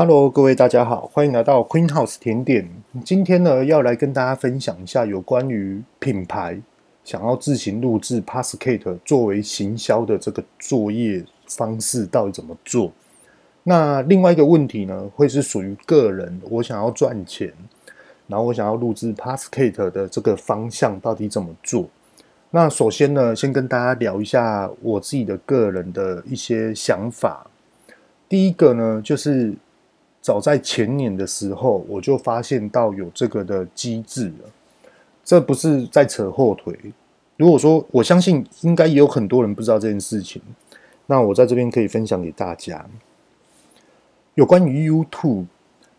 Hello，各位大家好，歡迎來到 Queen House 甜點。今天呢，要來跟大家分享一下有關於品牌想要自行錄製 podcast 作為行銷的這個作業方式到底怎麼做。那另外一個問題呢，會是屬於個人，我想要賺錢，然後我想要錄製 podcast 的這個方向到底怎麼做？那首先呢，先跟大家聊一下我自己的個人的一些想法。第一個呢，就是。早在前年的時候，我就發現到有這個的機制了。這不是在扯後腿。如果說我相信，應該也有很多人不知道這件事情。那我在這邊可以分享給大家，有關於 YouTube，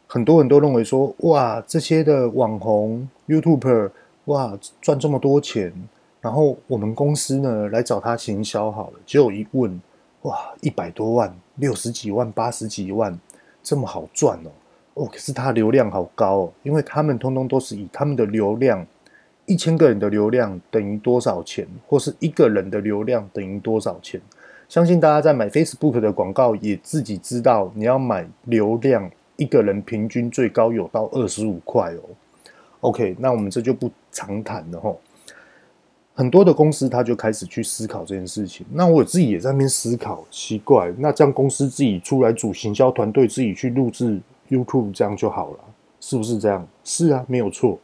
很多人都認為說，哇，這些的網紅 YouTuber，哇，賺這麼多錢。然後我們公司呢來找他行銷好了，結果一問，哇，一百多萬，六十幾萬，八十幾萬。這麼好賺哦！哦，可是它流量好高哦。因為他們通通都是以他們的流量，一千個人的流量等於多少錢，或是一個人的流量等於多少錢。相信大家在買 Facebook 的廣告也自己知道，你要買流量，一個人平均最高有到二十五塊哦。OK，那我們這就不長談了哦。很多的公司，他就開始去思考這件事情。那我自己也在那邊思考，奇怪，那這樣公司自己出來組行銷團隊，自己去錄制 YouTube，這樣就好了，是不是這樣？是啊，沒有錯。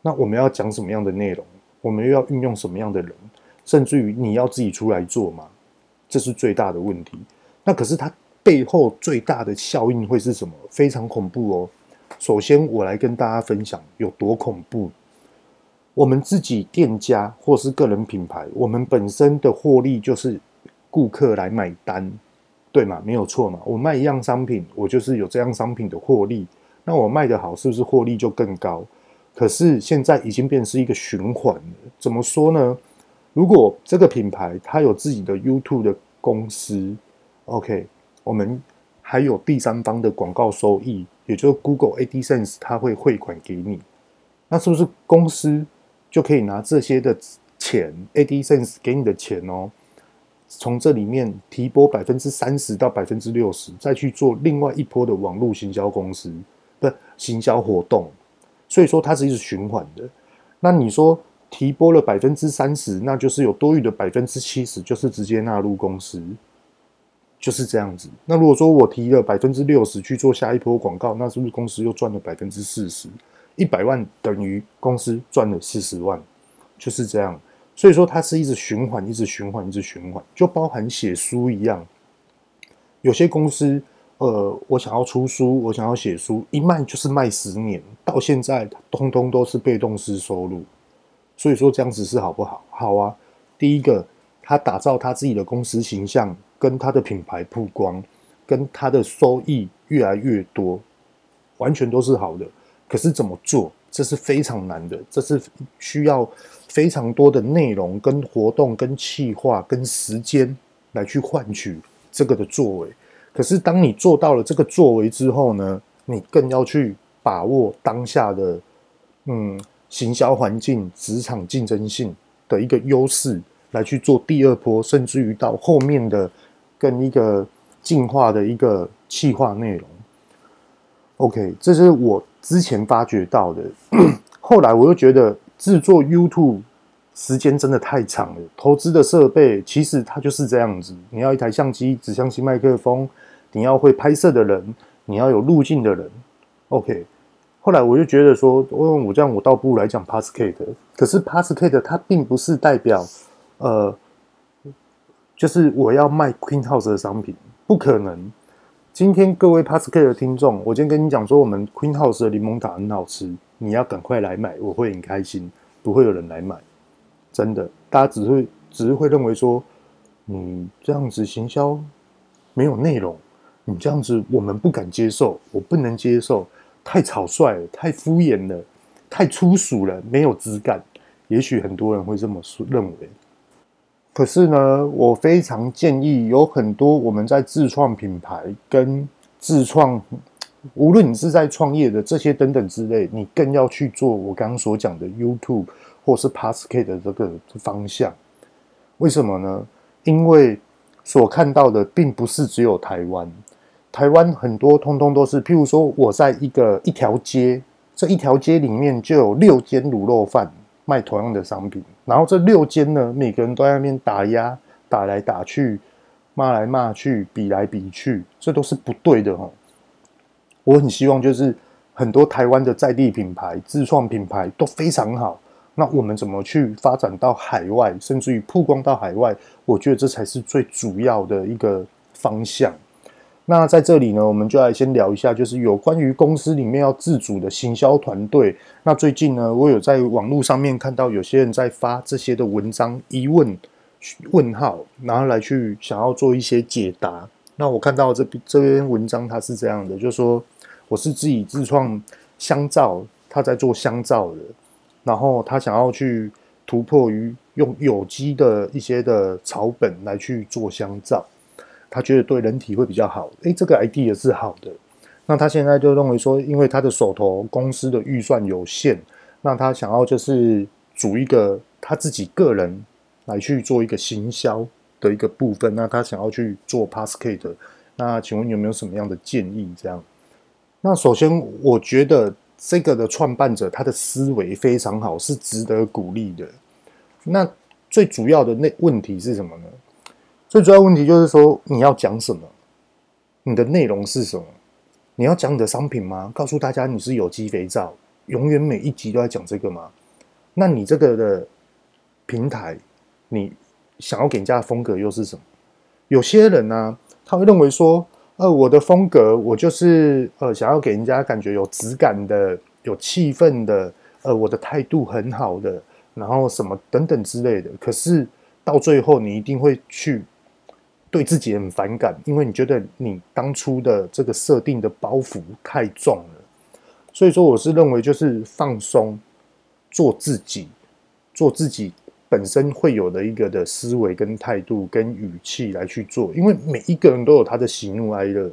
那我們要講什麼樣的內容？我們又要運用什麼樣的人？甚至於你要自己出來做嗎？這是最大的問題。那可是它背後最大的效應會是什麼？非常恐怖哦。首先，我來跟大家分享有多恐怖。我們自己店家或是個人品牌，我們本身的獲利就是顧客來買單，對嗎？沒有錯嘛。我賣一樣商品，我就是有這樣商品的獲利。那我賣得好，是不是獲利就更高？可是現在已經變成一個循環了。怎麼說呢？如果這個品牌它有自己的 YouTube 的公司，OK，我們還有第三方的廣告收益，也就是 Google AdSense，它會匯款給你，那是不是公司？就可以拿這些的錢，AdSense 給你的錢哦，從這裡面提撥百分之三十到百分之六十，再去做另外一波的網絡行銷公司的行銷活動。所以說它是一直循環的。那你說提撥了百分之三十，那就是有多餘的百分之七十，就是直接納入公司，就是這樣子。那如果說我提了百分之六十去做下一波廣告，那是不是公司又賺了百分之四十？一百萬等於公司賺了四十萬，就是這樣。所以說，它是一直循環，一直循環，一直循環，就包含寫書一樣。有些公司，呃，我想要出書，我想要寫書，一賣就是賣十年，到現在通通都是被動式收入。所以說，這樣子是好不好？好啊。第一個，他打造他自己的公司形象，跟他的品牌曝光，跟他的收益越來越多，完全都是好的。可是怎麼做？這是非常難的，這是需要非常多的內容、跟活動、跟企劃、跟時間來去換取這個的作為。可是當你做到了這個作為之後呢，你更要去把握當下的嗯行銷環境、職場競爭性的一個優勢，來去做第二波，甚至於到後面的跟一個進化的一個企劃內容。OK，這是我之前發掘到的， 後來我又覺得製作 YouTube 時間真的太長了。投資的設備其實它就是這樣子，你要一台相機、指向性麥克風，你要會拍攝的人，你要有路徑的人。OK，後來我就覺得說、嗯，我這樣我倒不如來講 podcast。可是 podcast 它並不是代表，呃，就是我要賣 Queen House 的商品，不可能。今天各位 podcast 的聽眾，我今天跟你講說，我們 Queen House 的檸檬塔很好吃，你要趕快來買，我會很開心。不會有人來買，真的。大家只會只是會認為說，嗯，這樣子行銷沒有內容，你這樣子我們不敢接受，我不能接受，太草率了，太敷衍了，太粗俗了，沒有質感。也許很多人會這麼說，認為。可是呢，我非常建議，有很多我們在自創品牌跟自創，無論你是在創業的這些等等之類，你更要去做我剛剛所講的 YouTube 或是 Podcast 的這個方向。為什麼呢？因為所看到的並不是只有台灣，台灣很多通通都是，譬如說我在一個一條街，這一條街裡面就有六間滷肉飯賣同樣的商品。然後這六間呢，每個人都在那邊打壓、打來打去、罵來罵去、比來比去，這都是不對的哦。我很希望就是很多台灣的在地品牌、自創品牌都非常好，那我們怎麼去發展到海外，甚至於曝光到海外，我覺得這才是最主要的一個方向。那在這裡呢，我們就來先聊一下，就是有關於公司裡面要自主的行銷團隊。那最近呢，我有在網路上面看到有些人在發這些的文章，疑問問號，然後來去想要做一些解答。那我看到這邊，這篇文章，它是這樣的，就是說，我是自己自創香皂，他在做香皂的，然後他想要去突破於用有機的一些的草本來去做香皂。他覺得對人體會比較好，誒，這個 idea 是好的。那他現在就認為說，因為他的手頭公司的預算有限，那他想要就是組一個他自己個人來去做一個行銷的一個部分。那他想要去做 podcast 的。那請問有沒有什麼樣的建議？這樣？那首先，我覺得這個的創辦者他的思維非常好，是值得鼓勵的。那最主要的那問題是什麼呢？最主要問題就是說，你要講什麼？你的內容是什麼？你要講你的商品嗎？告訴大家你是有機肥皂，永遠每一集都在講這個嗎？那你這個的平台，你想要給人家的風格又是什麼？有些人呢、啊，他會認為說，呃，我的風格我就是呃，想要給人家感覺有質感的、有氣氛的，呃，我的態度很好的，然後什麼等等之類的。可是到最後，你一定會去。對自己很反感，因為你覺得你當初的這個設定的包袱太重了，所以說我是認為就是放鬆，做自己，做自己本身會有的一個的思維跟態度跟語氣來去做，因為每一個人都有他的喜怒哀樂，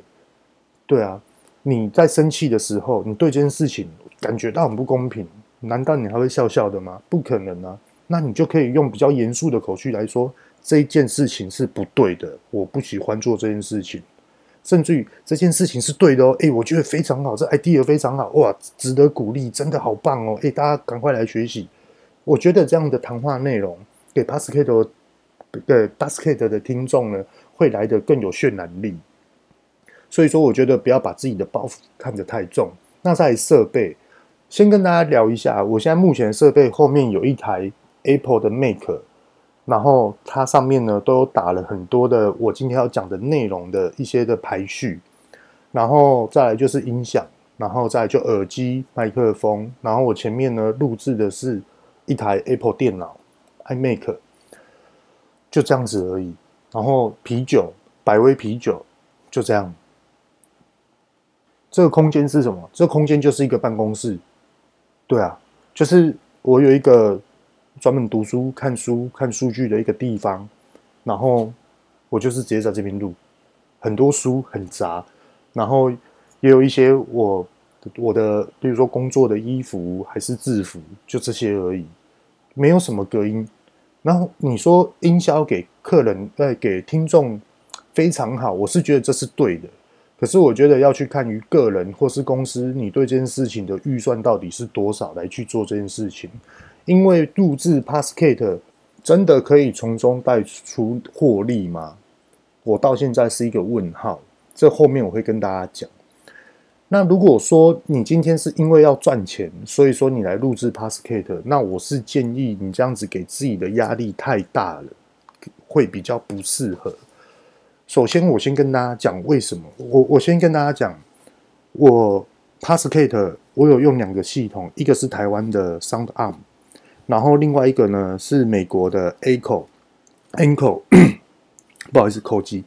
對啊，你在生氣的時候，你對這件事情感覺到很不公平，難道你還會笑笑的嗎？不可能啊，那你就可以用比較嚴肅的口氣來說。這一件事情是不對的，我不喜歡做這件事情。甚至於這件事情是對的哦，哎，我覺得非常好，這 idea 非常好，哇，值得鼓勵，真的好棒哦，哎，大家趕快來學習。我覺得這樣的談話內容給 podcast 對、呃、podcast 的聽眾呢，會來得更有渲染力。所以說，我覺得不要把自己的包袱看得太重。那在設備，先跟大家聊一下，我現在目前的設備後面有一台 Apple 的 Mac。然後它上面呢都有打了很多的我今天要講的內容的一些的排序，然後再來就是音響，然後再來就耳機、麥克風，然後我前面呢錄製的是一台 Apple 電腦 iMac 就這樣子而已。然後啤酒，百威啤酒，就這樣。這個空間是什麼？這個空間就是一個辦公室，對啊，就是我有一個。專門讀書、看書、看數據的一個地方，然後我就是直接在這邊錄很多，書很雜，然後也有一些我我的，比如說工作的衣服還是制服，就這些而已，沒有什麼隔音。然後你說營銷給客人，哎、呃，給聽眾非常好，我是覺得這是對的。可是我覺得要去看於個人或是公司，你對這件事情的預算到底是多少來去做這件事情。因為錄製 podcast 真的可以從中帶出獲利嗎？我到現在是一個問號。這後面我會跟大家講。那如果說你今天是因為要賺錢，所以說你來錄制 podcast，那我是建議你這樣子給自己的壓力太大了，會比較不適合。首先，我先跟大家講為什麼。我我先跟大家講，我 podcast 我有用兩個系統，一個是台灣的 Sound Arm。然後另外一個呢是美國的 Anchor，Anchor，不好意思扣機。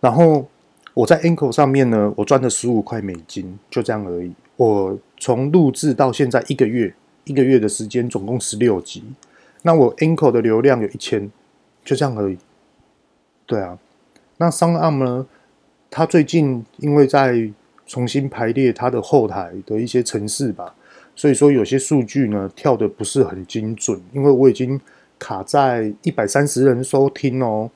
然後我在 Anchor 上面呢，我賺了十五塊美金，就這樣而已。我從錄制到現在一個月，一個月的時間總共十六集。那我 Anchor 的流量有一千，就這樣而已。對啊，那 SoundOn 呢？他最近因為在重新排列他的後台的一些程式吧。所以說有些數據呢跳得不是很精準，因為我已經卡在一百三十人收聽哦，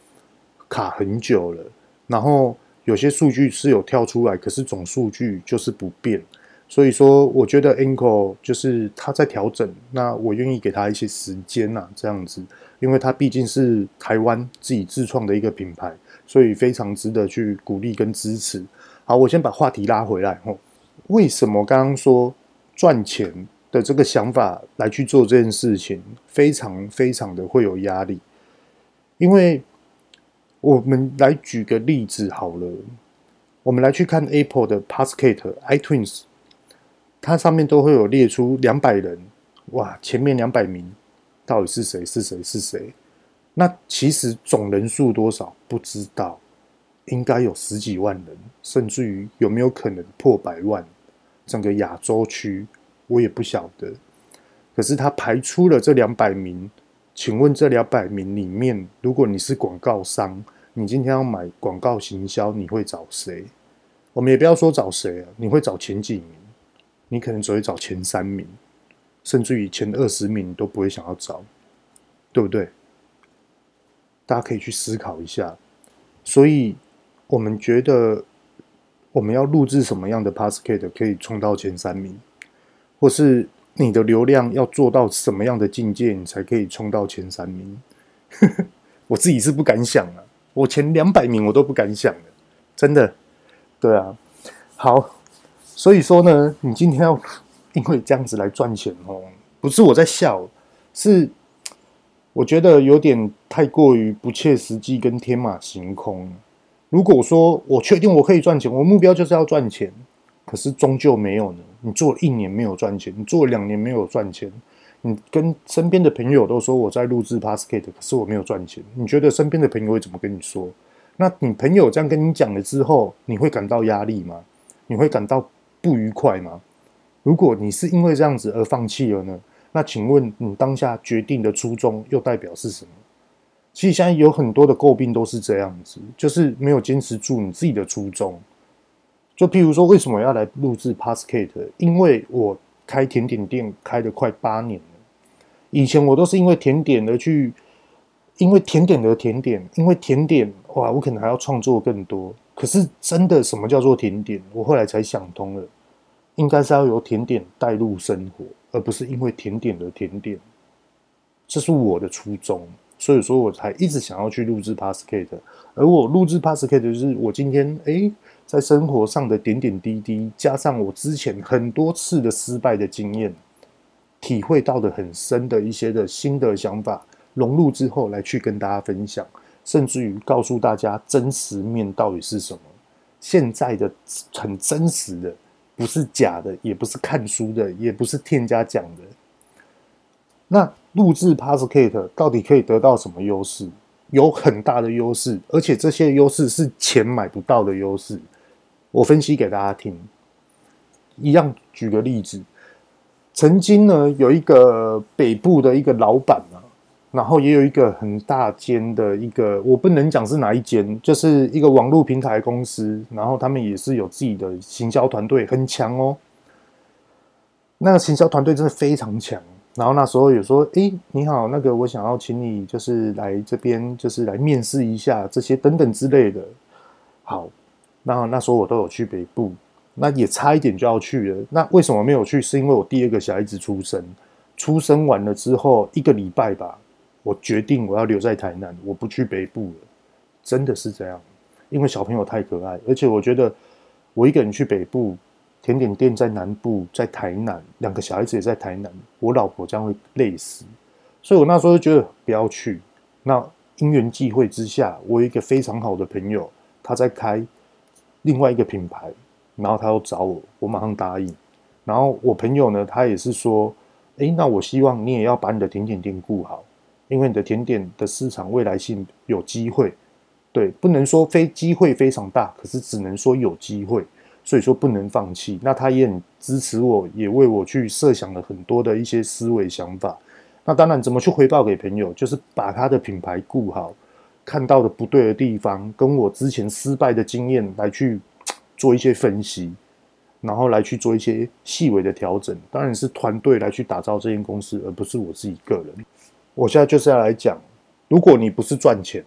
卡很久了。然後有些數據是有跳出來，可是總數據就是不變。所以說，我覺得 Inco 就是他在調整，那我願意給他一些時間吶、啊，這樣子，因為他畢竟是台灣自己自創的一個品牌，所以非常值得去鼓勵跟支持。好，我先把話題拉回來吼，為什麼剛剛說？賺錢的這個想法來去做這件事情，非常非常的會有壓力。因為我們來舉個例子好了，我們來去看 Apple 的 Podcast、iTunes，它上面都會有列出兩百人，哇，前面兩百名到底是誰？是誰？是誰？那其實總人數多少不知道，應該有十幾萬人，甚至於有沒有可能破百萬？整個亞洲區，我也不曉得。可是他排出了這兩百名，請問這兩百名裡面，如果你是廣告商，你今天要買廣告行銷，你會找誰？我們也不要說找誰啊，你會找前幾名？你可能只會找前三名，甚至於前二十名都不會想要找，對不對？大家可以去思考一下。所以我們覺得。我們要錄製什麼樣的 podcast 可以衝到前三名？或是你的流量要做到什麼樣的境界，你才可以衝到前三名？ 我自己是不敢想啊，我前兩百名我都不敢想的，真的。對啊，好，所以說呢，你今天要因為這樣子來賺錢哦，不是我在笑，是我覺得有點太過於不切實際跟天馬行空。如果說我確定我可以賺錢，我目標就是要賺錢，可是終究沒有呢？你做了一年沒有賺錢，你做了兩年沒有賺錢，你跟身邊的朋友都說我在錄製 Podcast，可是我沒有賺錢。你覺得身邊的朋友會怎麼跟你說？那你朋友這樣跟你講了之後，你會感到壓力嗎？你會感到不愉快嗎？如果你是因為這樣子而放棄了呢？那請問你當下決定的初衷又代表是什麼？其實現在有很多的詬病都是這樣子，就是沒有堅持住你自己的初衷。就譬如說，為什麼要來錄製 podcast？因為我開甜點店開了快八年了，以前我都是因為甜點而去，因為甜點的甜點，因為甜點，哇，我可能還要創作更多。可是真的，什麼叫做甜點？我後來才想通了，應該是要由甜點帶入生活，而不是因為甜點的甜點。這是我的初衷。所以說，我才一直想要去錄製 podcast 的。而我錄製 podcast 的，就是我今天誒、欸，在生活上的點點滴滴，加上我之前很多次的失敗的經驗，體會到的很深的一些的新的想法，融入之後來去跟大家分享，甚至於告訴大家真實面到底是什麼。現在的很真實的，不是假的，也不是看書的，也不是聽人家講的。那。錄制 podcast 到底可以得到什麼優勢？有很大的優勢，而且這些優勢是錢買不到的優勢。我分析給大家聽。一樣，舉個例子，曾經呢，有一個北部的一個老板啊，然後也有一個很大間的一個，我不能講是哪一間，就是一個網絡平台公司，然後他們也是有自己的行銷團隊，很強哦。那個行銷團隊真的非常強。然後那時候有說，哎，你好，那個我想要請你就是來這邊，就是來面試一下這些等等之類的。好，然後那時候我都有去北部，那也差一點就要去了。那為什麼沒有去？是因為我第二個小孩子出生，出生完了之後一個禮拜吧，我決定我要留在台南，我不去北部了。真的是這樣，因為小朋友太可愛，而且我覺得我一個人去北部。甜點店在南部，在台南，兩個小孩子也在台南，我老婆將會累死，所以我那時候就覺得不要去。那因緣際會之下，我有一個非常好的朋友，他在開另外一個品牌，然後他又找我，我馬上答應。然後我朋友呢，他也是說，誒、欸，那我希望你也要把你的甜點店顧好，因為你的甜點的市場未來性有機會，對，不能說非機會非常大，可是只能說有機會。所以說不能放棄，那他也很支持我，也為我去設想了很多的一些思維想法。那當然，怎麼去回報給朋友，就是把他的品牌顧好，看到的不對的地方，跟我之前失敗的經驗來去做一些分析，然後來去做一些細微的調整。當然是團隊來去打造這間公司，而不是我自己個人。我現在就是要來講，如果你不是賺錢。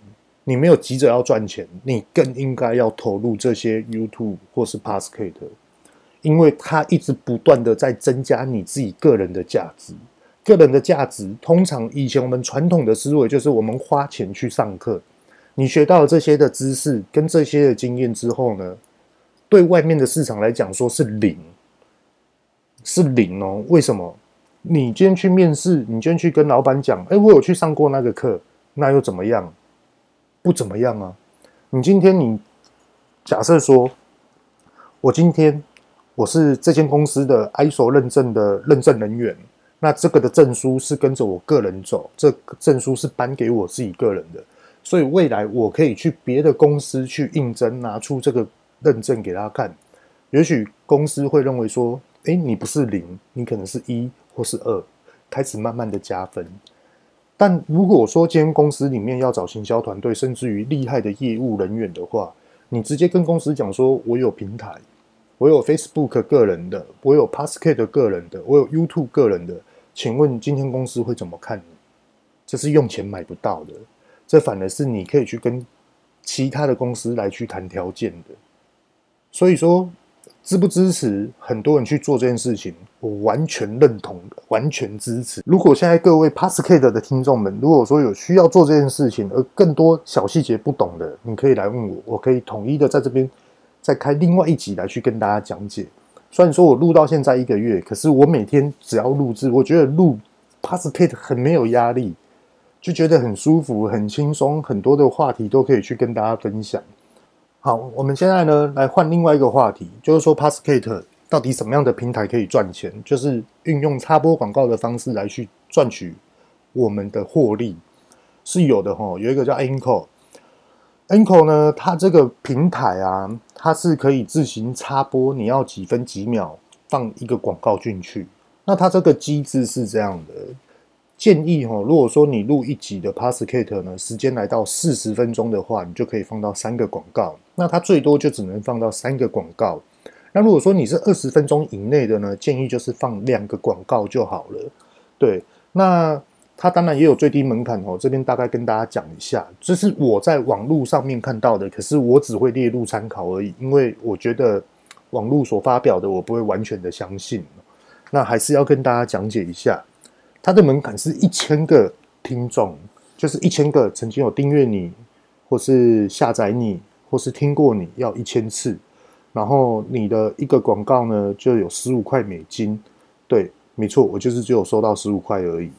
你沒有急着要賺錢，你更應該要投入這些 YouTube 或是 Podcast，因為它一直不斷的在增加你自己個人的價值。個人的價值，通常以前我們傳統的思維就是我們花錢去上課，你學到了這些的知識跟這些的經驗之後呢，對外面的市場來講說是零，是零哦。為什麼？你今天去面試，你今天去跟老闆講，哎，我有去上過那個課，那又怎麼樣？不怎麼樣啊！你今天你假設說，我今天我是這間公司的 ISO 認證的認證人員，那這個的證書是跟着我個人走，這個證書是頒給我自己個人的，所以未來我可以去別的公司去應徵，拿出這個認證給他看，也許公司會認為說，誒，你不是零，你可能是一或是二，開始慢慢的加分。但如果說今天公司裡面要找行銷團隊，甚至於厲害的業務人員的話，你直接跟公司講說，我有平台，我有 Facebook 個人的，我有 Podcast 個人的，我有 YouTube 個人的，請問今天公司會怎麼看你？這是用錢買不到的，這反而是你可以去跟其他的公司來去談條件的。所以說。支不支持，很多人去做這件事情？我完全認同，完全支持。如果現在各位 podcast 的聽眾們，如果說有需要做這件事情，而更多小細節不懂的，你可以來問我，我可以統一的在這邊再開另外一集來去跟大家講解。雖然說我錄到現在一個月，可是我每天只要錄製，我覺得錄 podcast 很沒有壓力，就覺得很舒服、很輕鬆，很多的話題都可以去跟大家分享。好，我們現在呢，來換另外一個話題，就是說，Podcast 到底什麼樣的平台可以賺錢？就是運用插播廣告的方式來去賺取我們的獲利，是有的哈。有一個叫 Anchor，Anchor 呢，它這個平台啊，它是可以自行插播，你要幾分幾秒放一個廣告進去，那它這個機制是這樣的。建議哦，如果說你錄一集的 podcast 呢，時間來到四十分鐘的話，你就可以放到三個廣告。那它最多就只能放到三個廣告。那如果說你是二十分鐘以內的呢，建議就是放兩個廣告就好了。對，那它當然也有最低門檻哦。這邊大概跟大家講一下，這是我在網絡上面看到的，可是我只會列入參考而已，因為我覺得網絡所發表的我不會完全的相信。那還是要跟大家講解一下。它的門檻是一千個聽眾，就是一千個曾經有訂閱你，或是下載你，或是聽過你要一千次，然後你的一個廣告呢就有十五塊美金，對，沒錯，我就是只有收到十五塊而已。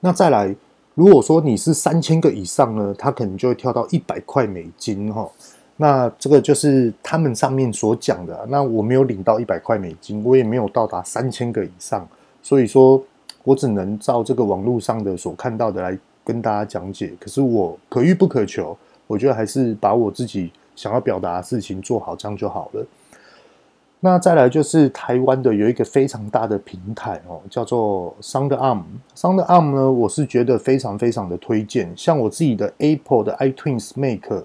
那再來，如果說你是三千個以上呢，它可能就會跳到一百塊美金哈。那這個就是他們上面所講的。那我沒有領到一百塊美金，我也沒有到達三千個以上，所以說。我只能照這個網絡上的所看到的來跟大家講解，可是我可遇不可求，我覺得還是把我自己想要表達的事情做好，這樣就好了。那再來就是台灣的有一個非常大的平台哦，叫做 SoundOn。SoundOn 呢，我是覺得非常非常的推薦，像我自己的 Apple 的 iTunes Maker，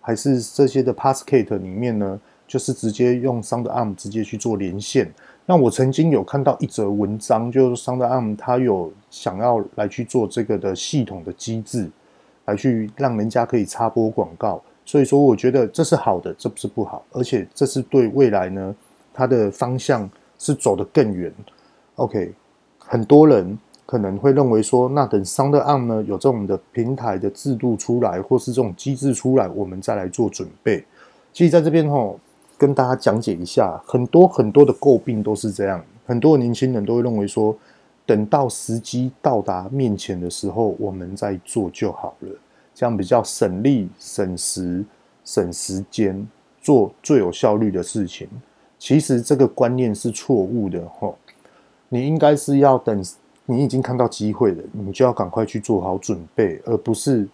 還是這些的 Podcast 裡面呢，就是直接用 SoundOn 直接去做連線。那我曾經有看到一則文章，就是 SoundOn，他有想要來去做這個的系統的機制，來去讓人家可以插播廣告。所以說，我覺得這是好的，這不是不好，而且這是對未來呢，它的方向是走得更遠。OK，很多人可能會認為說，那等 SoundOn 呢有這種的平台的制度出來，或是這種機制出來，我們再來做準備。其實在這邊吼。跟大家講解一下，很多很多的詬病都是這樣。很多年輕人都會認為說，等到時機到達面前的時候，我們再做就好了，這樣比較省力、省時、省時間，做最有效率的事情。其實這個觀念是錯誤的，吼！你應該是要等你已經看到機會了，你就要趕快去做好準備，而不是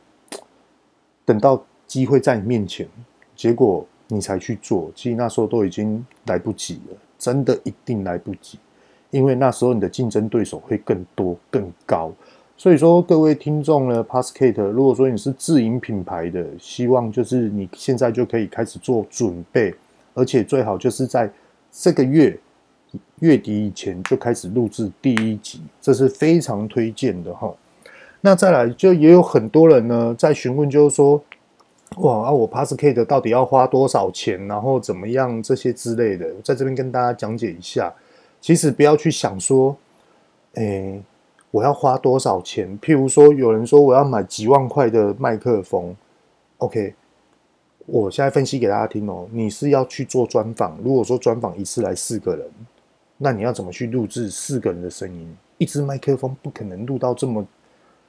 等到機會在你面前，結果。你才去做，其實那時候都已經來不及了，真的一定來不及，因為那時候你的競爭對手會更多，更高。所以說，各位聽眾呢，Podcast，如果說你是自營品牌的，希望就是你現在就可以開始做準備，而且最好就是在這個月，月底以前就開始錄製第一集，這是非常推薦的哈。那再來，就也有很多人呢在詢問，就是說。哇！那、啊、我 Podcast 到底要花多少錢？然後怎麼樣？這些之類的，在這邊跟大家講解一下。其實不要去想說，誒、欸，我要花多少錢？譬如說，有人說我要買幾萬塊的麥克風，OK。我現在分析給大家聽哦、喔，你是要去做專訪。如果說專訪一次來四個人，那你要怎麼去錄制四個人的聲音？一支麥克風不可能錄到這麼。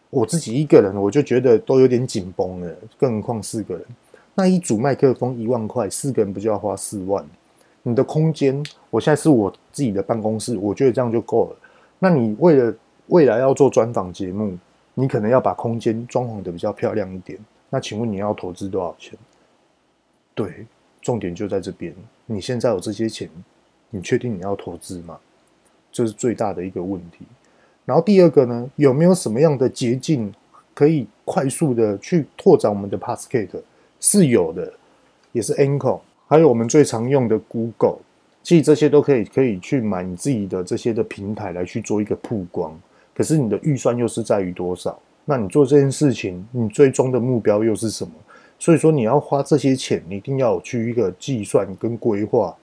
我自己一個人，我就覺得都有點緊繃了，更何況四個人。那一組麥克風一萬塊，四個人不就要花四萬？你的空間，我現在是我自己的辦公室，我覺得這樣就夠了。那你為了未來要做專訪節目，你可能要把空間裝潢得比較漂亮一點。那請問你要投資多少錢？對，重點就在這邊。你現在有這些錢，你確定你要投資嗎？這是最大的一個問題。然後第二個呢，有沒有什麼樣的捷徑可以快速的去拓展我們的 Podcast？是有的，也是 Anchor，還有我們最常用的 Google，其實這些都可以可以去買你自己的這些的平台來去做一個曝光。可是你的預算又是在於多少？那你做這件事情，你最終的目標又是什麼？所以說你要花這些錢，你一定要去一個計算跟規劃。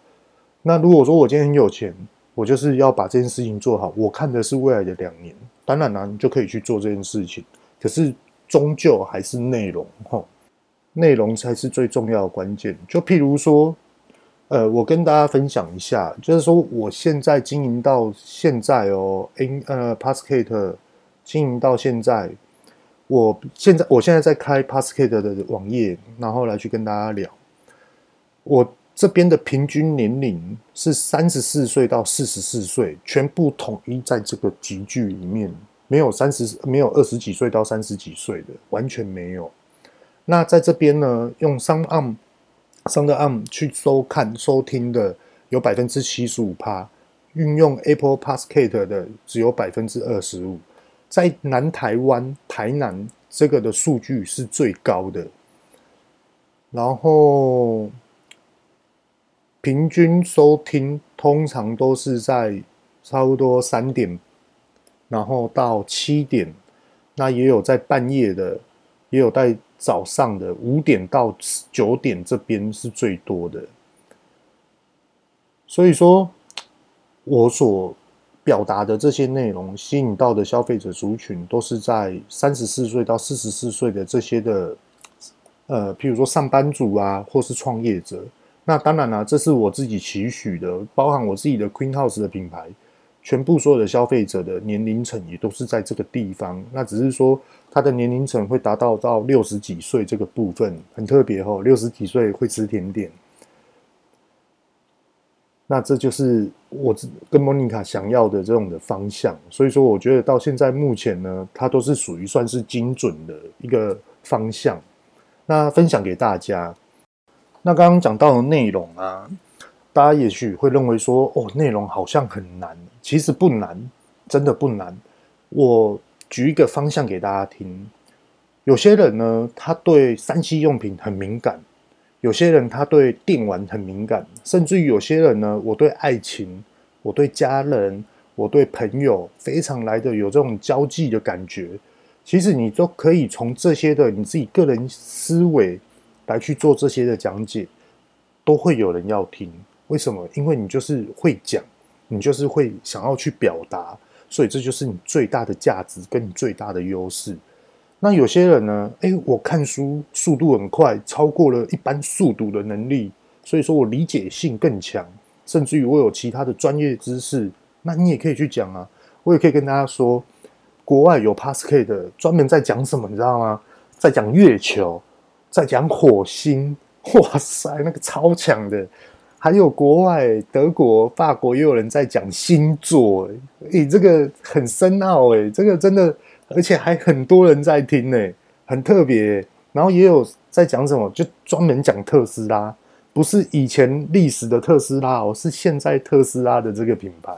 那如果說我今天很有錢。我就是要把這件事情做好。我看的是未來的兩年，當然啦、啊，你就可以去做這件事情。可是終究還是內容齁，內容才是最重要的關鍵。就譬如說，呃，我跟大家分享一下，就是說我現在經營到現在哦，in 呃，Podcast 經營到現在，我現在我現在在開 Podcast 的網頁，然後來去跟大家聊我。這邊的平均年齡是三十四歲到四十四歲，全部統一在這個集聚裡面，沒有三十，沒有二十幾歲到三十幾歲的，完全沒有。那在這邊呢，用 s a m u n m s u n 去收看、收聽的有百分之七十五趴，運用 Apple PassKit 的只有百分之二十五。在南台灣、台南這個的數據是最高的，然後。平均收聽通常都是在差不多三點，然後到七點，那也有在半夜的，也有在早上的五點到九點這邊是最多的。所以說我所表達的這些內容，吸引到的消費者族群都是在三十四歲到四十四歲的這些的，呃，譬如說上班族啊，或是創業者。那當然了啊，這是我自己期許的，包含我自己的 Queen House 的品牌，全部所有的消費者的年齡層也都是在這個地方。那只是說，他的年齡層會達到到六十幾歲這個部分，很特別哦，六十幾歲會吃甜點。那這就是我跟 Monica 想要的這種的方向。所以說，我覺得到現在目前呢，它都是屬於算是精準的一個方向。那分享給大家。那剛剛講到的內容啊，大家也許會認為說，哦，內容好像很難，其實不難，真的不難。我舉一個方向給大家聽。有些人呢，他對 3C 用品很敏感；有些人他對電玩很敏感；甚至於有些人呢，我對愛情、我對家人、我對朋友，非常來得有這種交際的感覺。其實你都可以從這些的你自己個人思維。來去做這些的講解，都會有人要聽。為什麼？因為你就是會講，你就是會想要去表達，所以這就是你最大的價值，跟你最大的優勢。那有些人呢，誒，我看書速度很快，超過了一般速度的能力，所以說我理解性更強，甚至於我有其他的專業知識，那你也可以去講啊。我也可以跟大家說，國外有 Passkey 的，專門在講什麼，你知道嗎？在講月球。在講火星，哇塞，那個超強的！還有國外德國、法國也有人在講星座，哎、欸，這個很深奧哎、欸，這個真的，而且還很多人在聽呢、欸，很特別、欸。然後也有在講什麼，就專門講特斯拉，不是以前歷史的特斯拉、哦，而是現在特斯拉的這個品牌，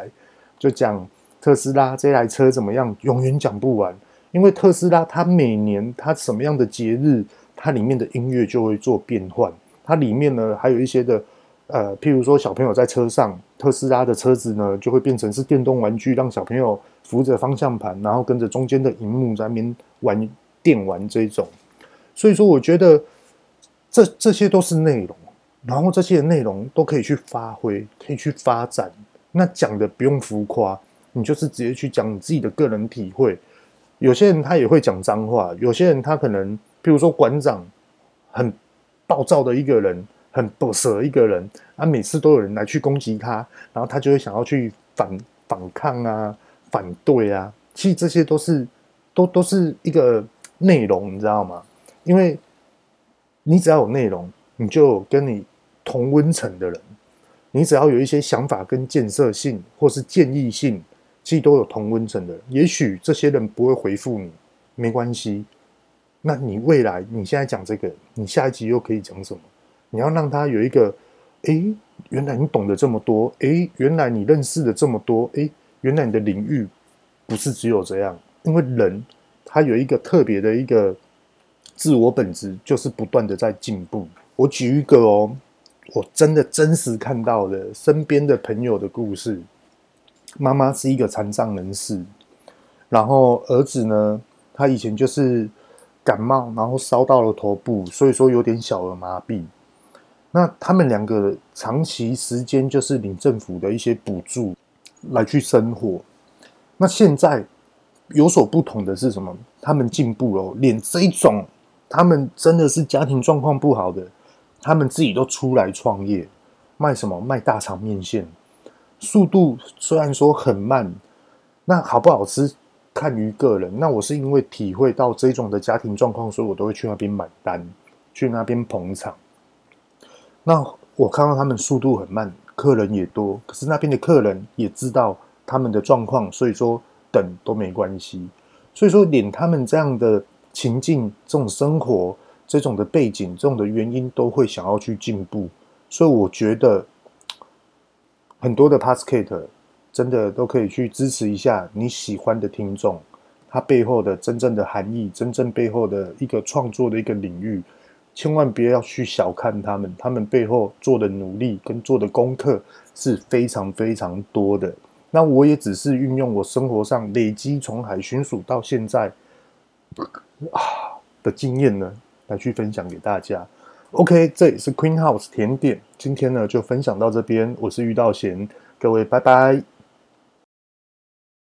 就講特斯拉這台車怎麼樣，永遠講不完，因為特斯拉它每年它什麼樣的節日。它裡面的音樂就會做變換，它裡面呢還有一些的，呃，譬如說小朋友在車上，特斯拉的車子呢就會變成是電動玩具，讓小朋友扶着方向盤，然後跟着中間的熒幕在那邊玩電玩這種。所以說，我覺得這這些都是內容，然後這些內容都可以去發揮，可以去發展。那講的不用浮誇，你就是直接去講你自己的個人體會。有些人他也會講髒話，有些人他可能。比如說館長很暴躁的一個人，很不舍一個人，啊、每次都有人來去攻擊他，然後他就會想要去反反抗啊，反對啊。其實這些都是都都是一個內容，你知道嗎？因為你只要有內容，你就跟你同溫層的人，你只要有一些想法跟建設性或是建議性，其實都有同溫層的人。也許這些人不會回復你，沒關係。那你未來你現在講這個，你下一集又可以講什麼？你要讓他有一個，哎，原來你懂得這麼多，哎，原來你認識的這麼多，哎，原來你的領域不是只有這樣。因為人他有一個特別的一個自我本質，就是不斷的在進步。我舉一個哦，我真的真實看到的身邊的朋友的故事。媽媽是一個殘障人士，然後兒子呢，他以前就是。感冒，然後燒到了頭部，所以說有點小兒麻痺。那他們兩個長期時間就是領政府的一些補助來去生活。那現在有所不同的是什麼？他們進步了，連這一種，他們真的是家庭狀況不好的，他們自己都出來創業，賣什麼？賣大腸麵線，速度雖然說很慢，那好不好吃？看於個人，那我是因為體會到這種的家庭狀況，所以我都會去那邊買單，去那邊捧場。那我看到他們速度很慢，客人也多，可是那邊的客人也知道他們的狀況，所以說等都沒關係。所以說，連他們這樣的情境、這種生活、這種的背景、這種的原因，都會想要去進步。所以我覺得，很多的 podcast。真的都可以去支持一下你喜歡的聽眾，他背後的真正的含義，真正背後的一個創作的一個領域，千萬不要去小看他們，他們背後做的努力跟做的功課是非常非常多的。那我也只是運用我生活上累積從海巡署到現在啊的經驗呢，來去分享給大家。OK，這裡是 Queen House 甜點，今天呢就分享到這邊，我是玉道賢，各位拜拜。